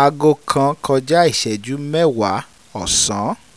aago kan kọjá ìṣẹ́jú mẹ́wàá ọ̀sán